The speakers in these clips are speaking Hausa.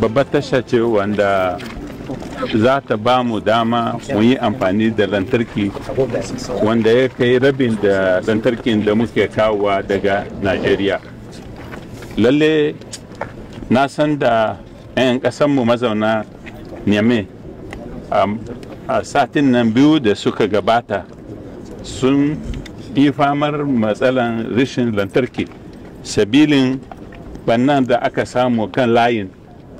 babbar tasha ce wanda za ta ba mu dama mu yi amfani da lantarki wanda ya kai rabin da lantarkin da muke kawowa daga najeriya lalle na san da 'yan kasanmu mazauna neme a satin nan biyu da suka gabata sun yi famar matsalan rashin lantarki sabilin bannan da aka samu kan layin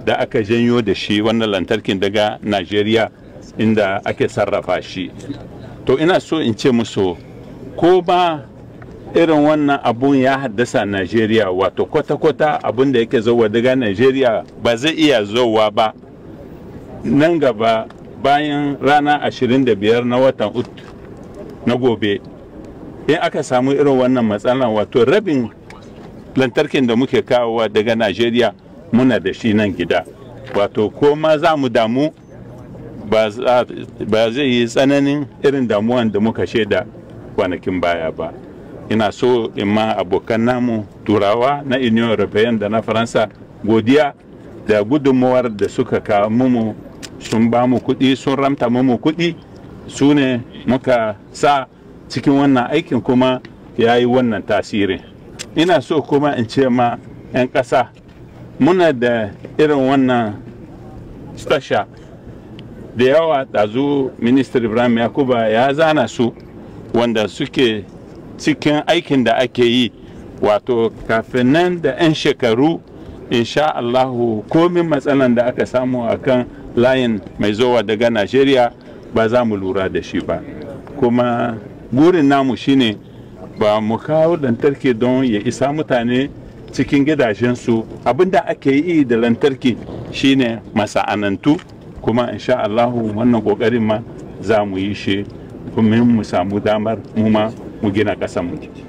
da aka janyo da shi wannan lantarkin daga najeriya inda ake sarrafa shi to ina so in ce musu ko ba irin wannan abun ya haddasa najeriya wato kwata-kwata abun da yake zauwa daga najeriya ba zai iya zauwa ba nan gaba bayan rana 25 na watan ut na gobe in aka samu irin wannan matsalan wato rabin lantarkin da muke kawowa daga najeriya muna da shi nan gida wato ko ma za mu damu ba zai yi tsananin irin damuwan da muka shaida kwanakin baya ba ina so in ma abokan namu turawa na union european da na faransa godiya da gudunmuwar da suka kawo mu sun ba mu kuɗi sun ramta mu kuɗi su ne muka sa cikin wannan aikin kuma ya yi wannan tasirin ina so kuma in ce ma 'yan ƙasa muna da irin wannan stasha da yawa ɗazu minister ibrahim yakuba ya zana su wanda suke cikin aikin da ake yi wato kafin nan da 'yan shekaru insha allahu komin matsalan da aka samu a kan layin mai zowa daga najeriya ba za mu lura da shi ba kuma gurin namu shine ba mu kawo lantarki don ya isa mutane cikin gidajensu abinda ake yi da lantarki shine masa'anantu kuma insha Allahu wannan kokarin ma za mu yi shi kuma mu samu damar mu ma mu gina ƙasar mu.